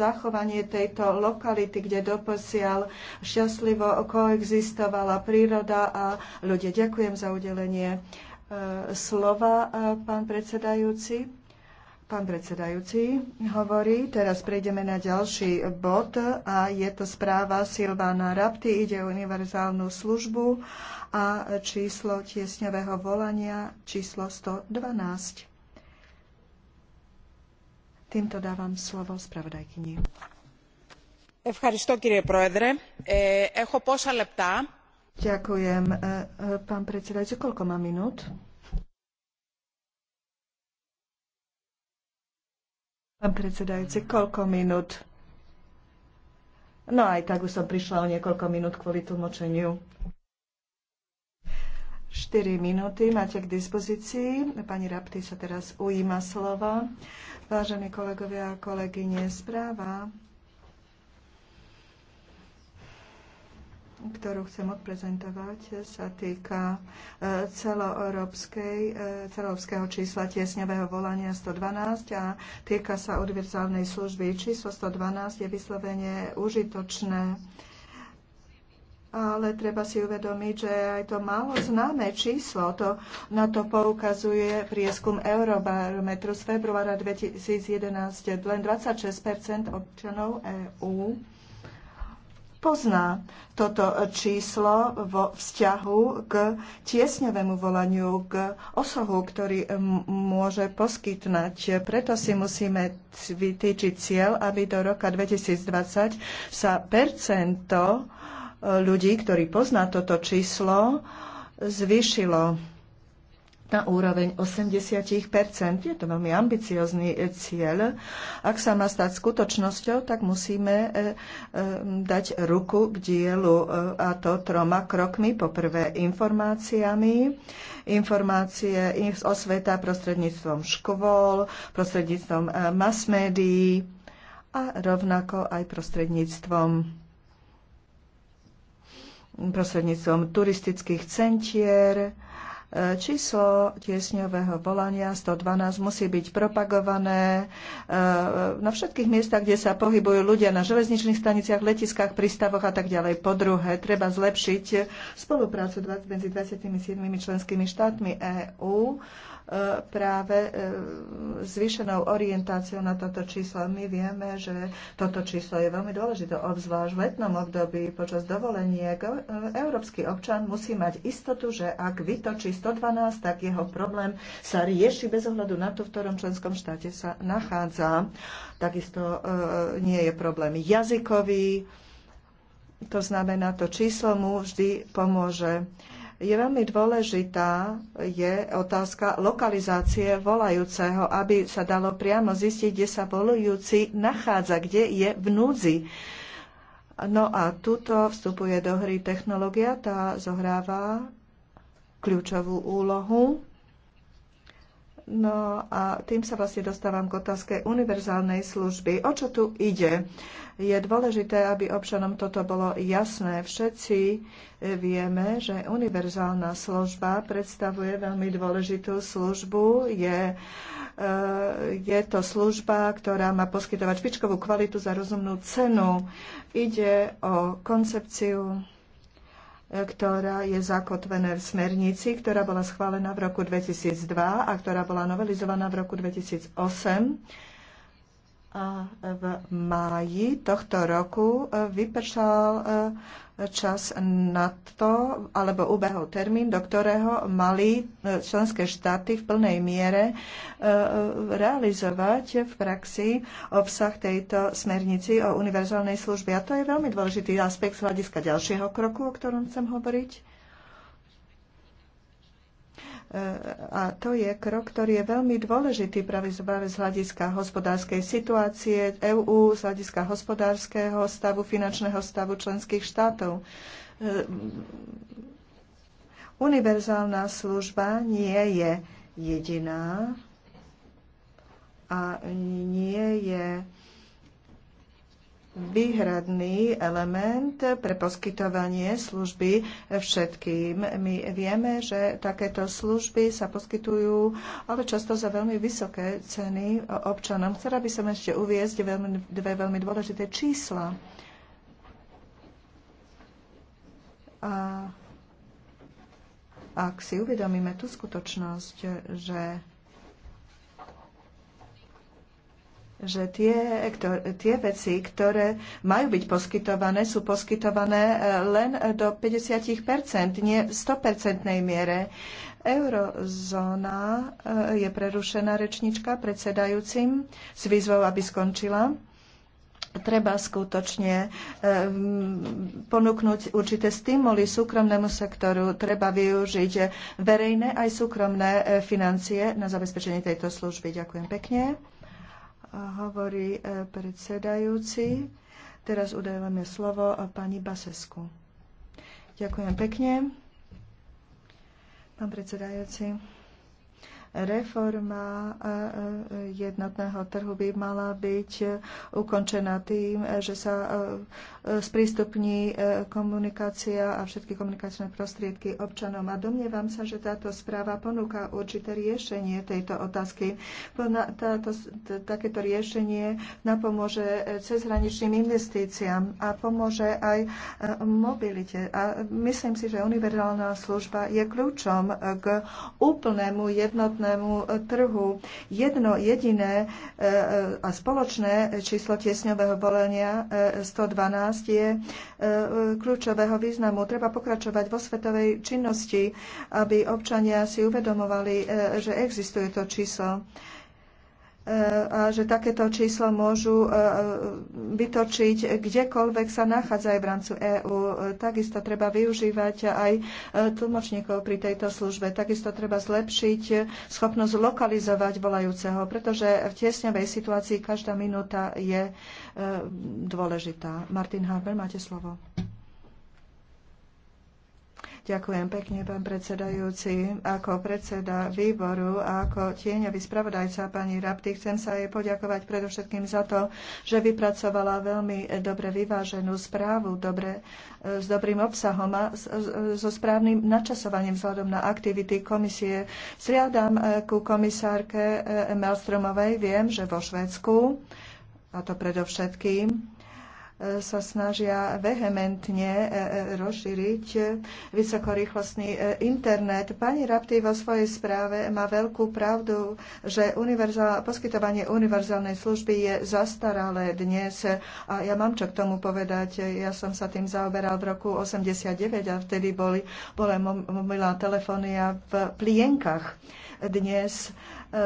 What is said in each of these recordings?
zachovanie tejto lokality, kde doposiaľ šťastlivo koexistovala príroda a ľudia. Ďakujem za udelenie e, slova, e, pán predsedajúci. Pán predsedajúci hovorí, teraz prejdeme na ďalší bod a je to správa Silvána Rapty, ide o univerzálnu službu a číslo tiesňového volania číslo 112. Týmto dávam slovo spravodajkyni. E, Ďakujem, e, e, pán predsedajúci. Koľko má minút? Pán predsedajúci, koľko minút? No aj tak už som prišla o niekoľko minút kvôli tlmočeniu. 4 minúty máte k dispozícii. Pani Rapti sa teraz ujíma slova. Vážení kolegovia a kolegyne, správa, ktorú chcem odprezentovať, sa týka e, celoeurópskej, e, celoeurópskeho čísla tiesňového volania 112 a týka sa univerzálnej služby. Číslo 112 je vyslovene užitočné ale treba si uvedomiť, že aj to málo známe číslo, to, na to poukazuje prieskum Eurobarometru z februára 2011. Len 26 občanov EÚ pozná toto číslo vo vzťahu k tiesňovému volaniu, k osohu, ktorý môže poskytnať. Preto si musíme vytýčiť cieľ, aby do roka 2020 sa percento ľudí, ktorí pozná toto číslo, zvýšilo na úroveň 80 Je to veľmi ambiciozný e, cieľ. Ak sa má stať skutočnosťou, tak musíme e, e, dať ruku k dielu a to troma krokmi. Poprvé informáciami, informácie z osveta prostredníctvom škôl, prostredníctvom mass médií a rovnako aj prostredníctvom prostredníctvom turistických centier. E, číslo tiesňového volania 112 musí byť propagované e, na všetkých miestach, kde sa pohybujú ľudia, na železničných staniciach, letiskách, prístavoch a tak ďalej. Po druhé, treba zlepšiť spoluprácu medzi 27 členskými štátmi EÚ práve e, zvýšenou orientáciou na toto číslo. My vieme, že toto číslo je veľmi dôležité, obzvlášť v letnom období počas dovoleniek. E, európsky občan musí mať istotu, že ak vytočí 112, tak jeho problém sa rieši bez ohľadu na to, v ktorom členskom štáte sa nachádza. Takisto e, nie je problém jazykový. To znamená, to číslo mu vždy pomôže je veľmi dôležitá, je otázka lokalizácie volajúceho, aby sa dalo priamo zistiť, kde sa volujúci nachádza, kde je v núdzi. No a tuto vstupuje do hry technológia, tá zohráva kľúčovú úlohu. No a tým sa vlastne dostávam k otázke univerzálnej služby. O čo tu ide? Je dôležité, aby občanom toto bolo jasné. Všetci vieme, že univerzálna služba predstavuje veľmi dôležitú službu. Je, eh, je to služba, ktorá má poskytovať špičkovú kvalitu za rozumnú cenu. Ide o koncepciu ktorá je zakotvená v smernici, ktorá bola schválená v roku 2002 a ktorá bola novelizovaná v roku 2008 a v máji tohto roku e, vypršal e, čas na to, alebo ubehol termín, do ktorého mali e, členské štáty v plnej miere realizovať v praxi obsah tejto smernici o univerzálnej službe. A to je veľmi dôležitý aspekt z hľadiska ďalšieho kroku, o ktorom chcem hovoriť E, a to je krok, ktorý je veľmi dôležitý práve z hľadiska hospodárskej situácie EÚ, z hľadiska hospodárskeho stavu, finančného stavu členských štátov. E, univerzálna služba nie je jediná a nie je výhradný element pre poskytovanie služby všetkým. My vieme, že takéto služby sa poskytujú, ale často za veľmi vysoké ceny občanom. Chcela by som ešte uviezť veľmi, dve veľmi dôležité čísla. A ak si uvedomíme tú skutočnosť, že že tie, tie veci, ktoré majú byť poskytované, sú poskytované e, len e, do 50 nie v 100 miere. Eurozóna e, je prerušená rečnička predsedajúcim s výzvou, aby skončila treba skutočne ponúknuť určité stimuly súkromnému sektoru, treba využiť verejné aj súkromné financie na zabezpečenie tejto služby. Ďakujem pekne hovorí e, predsedajúci. Teraz udajujeme slovo e, pani Basesku. Ďakujem pekne. Pán predsedajúci. Reforma e, e, jednotného trhu by mala byť e, ukončená tým, že sa sprístupní komunikácia a všetky komunikačné prostriedky občanom. A domnievam sa, že táto správa ponúka určité riešenie tejto otázky. Táto, takéto riešenie napomôže cezhraničným investíciám a pomôže aj mobilite. A myslím si, že univerzálna služba je kľúčom k úplnému jednotnému jednotnému e, trhu. Jedno jediné e, e, a spoločné číslo tiesňového volenia 112 je kľúčového významu. Treba pokračovať vo svetovej činnosti, aby občania si uvedomovali, že existuje to číslo a že takéto číslo môžu e, e, vytočiť kdekoľvek sa nachádzajú v rámci EÚ. Takisto treba využívať aj e, tlmočníkov pri tejto službe. Takisto treba zlepšiť schopnosť lokalizovať volajúceho, pretože v tiesňovej situácii každá minúta je dôležitá. Martin Harber, máte slovo. Ďakujem pekne, pán predsedajúci. Ako predseda výboru a ako tieňový spravodajca pani Rapti chcem sa jej poďakovať predovšetkým za to, že vypracovala veľmi dobre vyváženú správu, dobre, e, s dobrým obsahom a e, so správnym načasovaním vzhľadom na aktivity komisie. Sriadam e, ku komisárke Melstromovej. Viem, že vo Švedsku, a to predovšetkým, sa snažia vehementne e, e, rozšíriť e, vysokorýchlostný internet. Pani Rapti vo svojej správe má veľkú pravdu, že univerzál, poskytovanie univerzálnej služby je zastaralé dnes. A ja mám čo k tomu povedať. Ja som sa tým zaoberal v roku 89 a vtedy boli, bola mobilná telefónia v plienkach. Dnes E,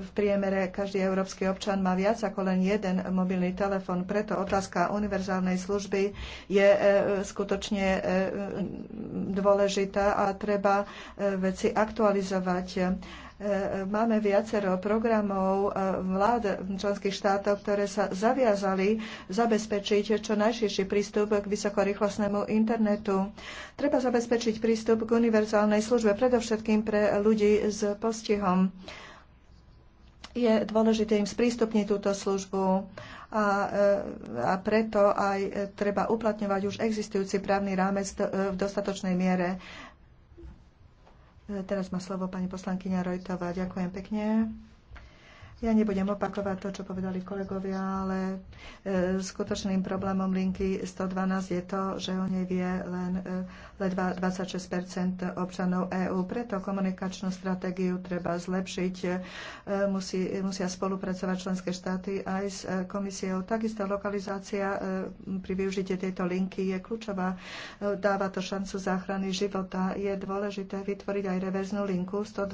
v priemere každý európsky občan má viac ako len jeden mobilný telefón. Preto otázka univerzálnej služby je e, skutočne e, dôležitá a treba veci aktualizovať máme viacero programov vlád členských štátov, ktoré sa zaviazali zabezpečiť čo najširší prístup k vysokorýchlostnému internetu. Treba zabezpečiť prístup k univerzálnej službe, predovšetkým pre ľudí s postihom je dôležité im sprístupniť túto službu a, e, a preto aj treba uplatňovať už existujúci právny rámec e, v dostatočnej miere. E, teraz má slovo pani poslankyňa Rojtová. Ďakujem pekne. Ja nebudem opakovať to, čo povedali kolegovia, ale e, skutočným problémom linky 112 je to, že o nej vie len e, ledva 26 občanov EÚ. Preto komunikačnú stratégiu treba zlepšiť. E, musí, musia spolupracovať členské štáty aj s komisiou. Takisto lokalizácia pri využití tejto linky je kľúčová. Dáva to šancu záchrany života. Je dôležité vytvoriť aj reverznú linku 112,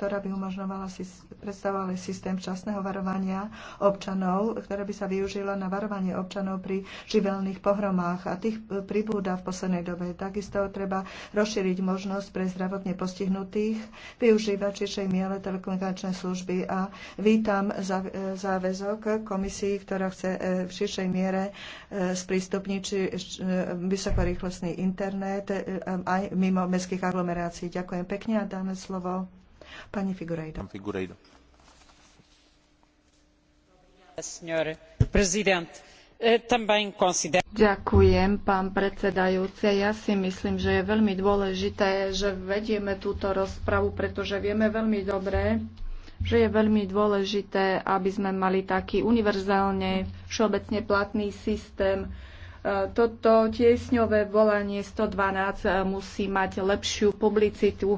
ktorá by umožňovala si, predstavovala systém systém včasného varovania občanov, ktoré by sa využilo na varovanie občanov pri živelných pohromách a tých e, pribúda v poslednej dobe. Takisto treba rozšíriť možnosť pre zdravotne postihnutých využívať čišej miele telekomunikačné služby a vítam e, záväzok komisii, ktorá chce e, v širšej miere sprístupniť vysokorýchlostný internet aj mimo mestských aglomerácií. Ďakujem pekne a dáme slovo pani Figurejdo. Eh, Ďakujem, pán Ja si myslím, že je veľmi dôležité, že vedieme túto rozpravu, pretože vieme veľmi dobre, že je veľmi dôležité, aby sme mali taký univerzálne všeobecne platný systém. Eh, toto tiesňové volanie 112 eh, musí mať lepšiu publicitu.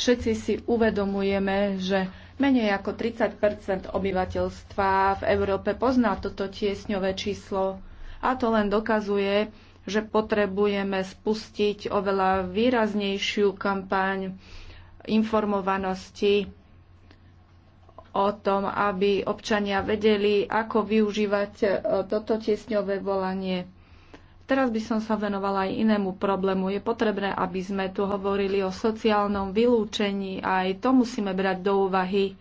Všetci si uvedomujeme, že Menej ako 30 obyvateľstva v Európe pozná toto tiesňové číslo a to len dokazuje, že potrebujeme spustiť oveľa výraznejšiu kampaň informovanosti o tom, aby občania vedeli, ako využívať e, toto tiesňové volanie. Teraz by som sa venovala aj inému problému. Je potrebné, aby sme tu hovorili o sociálnom vylúčení a aj to musíme brať do úvahy.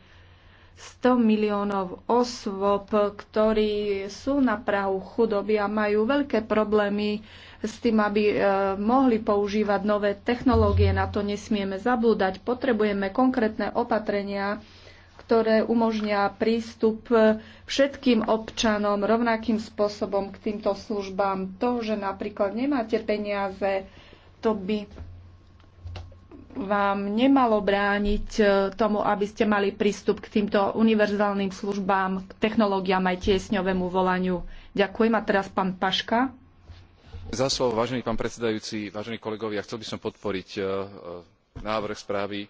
100 miliónov osôb, ktorí sú na prahu chudoby a majú veľké problémy s tým, aby e, mohli používať nové technológie. Na to nesmieme zabúdať. Potrebujeme konkrétne opatrenia, ktoré umožnia prístup všetkým občanom rovnakým spôsobom k týmto službám. To, že napríklad nemáte peniaze, to by vám nemalo brániť e, tomu, aby ste mali prístup k týmto univerzálnym službám, k technológiám aj tiesňovému volaniu. Ďakujem. A teraz pán Paška. Za slovo, vážený pán predsedajúci, vážení kolegovia, chcel by som podporiť e, e, návrh správy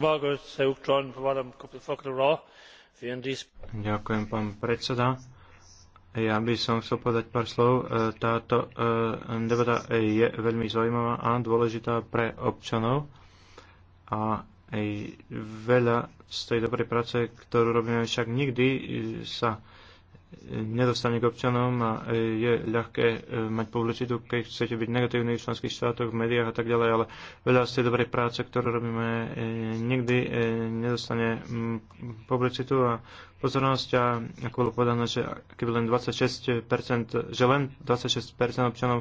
Ďakujem, pán predseda. Ja by som chcel povedať pár slov. E, táto e, debata je veľmi zaujímavá a dôležitá pre občanov a veľa z tej dobrej práce, ktorú robíme, však nikdy sa nedostane k občanom a je ľahké e, mať publicitu, keď chcete byť negatívny v členských štátoch, v médiách a tak ďalej, ale veľa z tej dobrej práce, ktorú robíme, e, nikdy e, nedostane publicitu a pozornosť a ako bolo povedané, že keby len 26%, že len 26% občanov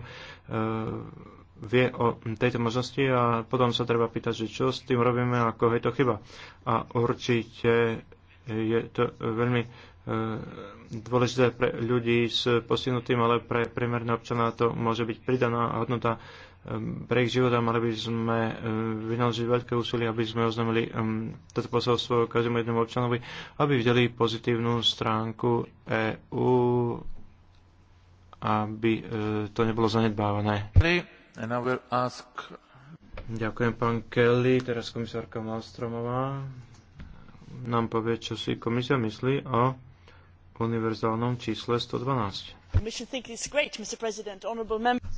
vie o tejto možnosti a potom sa treba pýtať, že čo s tým robíme, ako je to chyba. A určite je to veľmi E, dôležité pre ľudí s postihnutým, ale pre priemerného občana to môže byť pridaná hodnota e, pre ich života. Mali by sme e, vynaložiť veľké úsilie, aby sme oznámili toto posolstvo každému jednému občanovi, aby videli pozitívnu stránku EÚ, aby to nebolo zanedbávané. Ďakujem, pán Kelly. Teraz komisárka Malstromová nám povie, čo si komisia myslí o univerzálnom čísle 112.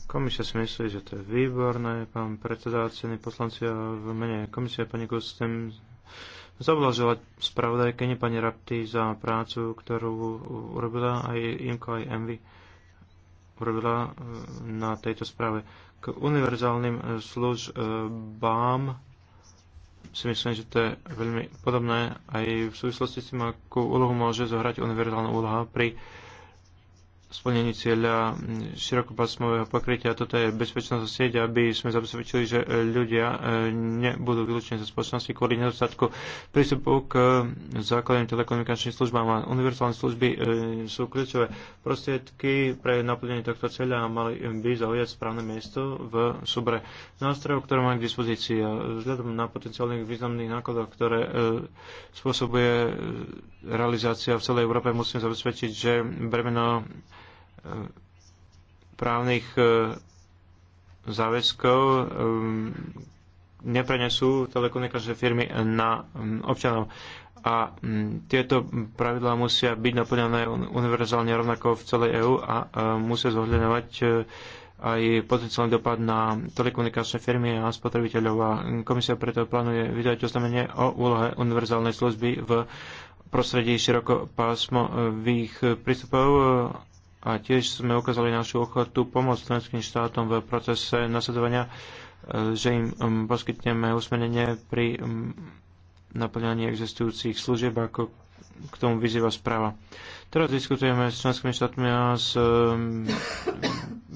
Komisia si myslí, že to je výborné. Pán predseda, cení poslanci a v mene komisie pani Gustem spravodajke, nie pani Rapti za prácu, ktorú urobila aj Imko, aj MV urobila e, na tejto správe. K univerzálnym e, službám si myslím, že to je veľmi podobné aj v súvislosti s tým, akú úlohu môže zohrať univerzálna úloha pri splnení cieľa mm, širokopásmového pokrytia. Toto je bezpečnosť sieť, aby sme zabezpečili, že e, ľudia e, nebudú vylúčení zo spoločnosti kvôli nedostatku prístupu k e, základným telekomunikačným službám a univerzálne služby sú kľúčové prostriedky pre naplnenie tohto cieľa a mali by zaujať správne miesto v súbre nástrojov, ktoré máme k dispozícii. A vzhľadom na potenciálnych významných nákladov, ktoré spôsobuje realizácia v celej Európe, musíme zabezpečiť, že bremeno právnych e, záväzkov e, neprenesú telekomunikačné firmy na občanov. A tieto pravidlá musia byť naplňané univerzálne rovnako v celej EÚ a e, musia zohľadňovať aj potenciálny dopad na telekomunikačné firmy a spotrebiteľov. A komisia preto plánuje vydať oznámenie o úlohe univerzálnej služby v prostredí širokopásmových prístupov a tiež sme ukázali našu ochotu pomôcť členským štátom v procese nasledovania, e, že im poskytneme usmenenie pri naplňaní existujúcich služieb, ako k tomu vyzýva správa. Teraz diskutujeme s členskými štátmi a s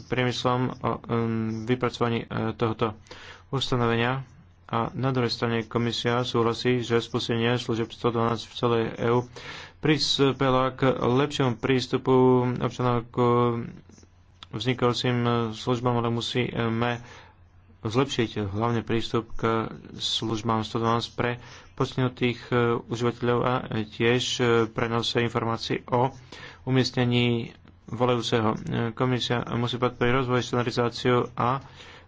priemyslom o vypracovaní e, tohoto ustanovenia. A na druhej strane komisia súhlasí, že spustenie služieb 112 v celej EÚ prispela k lepšiemu prístupu občanov k vznikajúcim službám, ale musíme zlepšiť hlavne prístup k službám 112 pre postihnutých e, užívateľov a tiež e, prenose informácií o umiestnení volajúceho. E, komisia musí podporiť rozvoj, standardizáciu a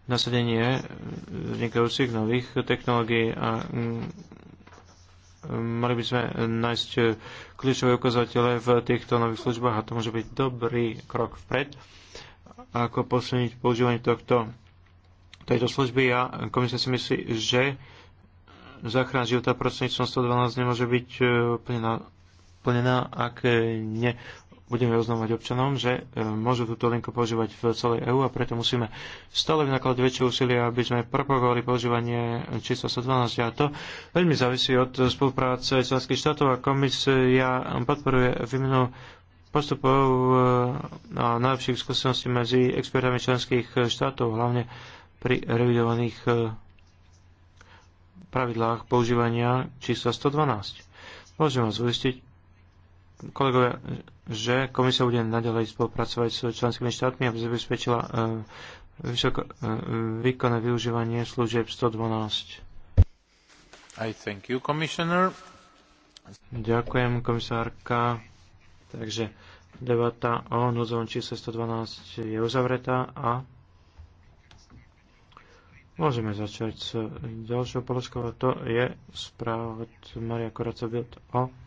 nasadenie vznikajúcich nových technológií a mali by sme nájsť eh, kľúčové ukazovatele v týchto nových službách a to môže byť dobrý krok vpred, ako posilniť používanie tohto, tejto služby a komisia si myslí, že záchrana života prostredníctvom 112 nemôže byť eh, plnená, plnená ak eh, ne budeme oznamovať občanom, že e, môžu túto linku používať v celej EÚ a preto musíme stále vynakladať väčšie úsilie, aby sme propagovali používanie čísla 112 a to veľmi závisí od spolupráce členských štátov a komisia podporuje výmenu postupov e, a najlepších skúseností medzi expertami členských štátov, hlavne pri revidovaných e, pravidlách používania čísla 112. Môžem vás uistiť, kolegovia, že komisia bude naďalej spolupracovať s členskými štátmi, aby zabezpečila uh, vysoko, e, výkonné využívanie služieb 112. I thank you, commissioner. Ďakujem, komisárka. Takže debata o núdzovom čísle 112 je uzavretá a môžeme začať s ďalšou položkou to je správa od Maria Koraca o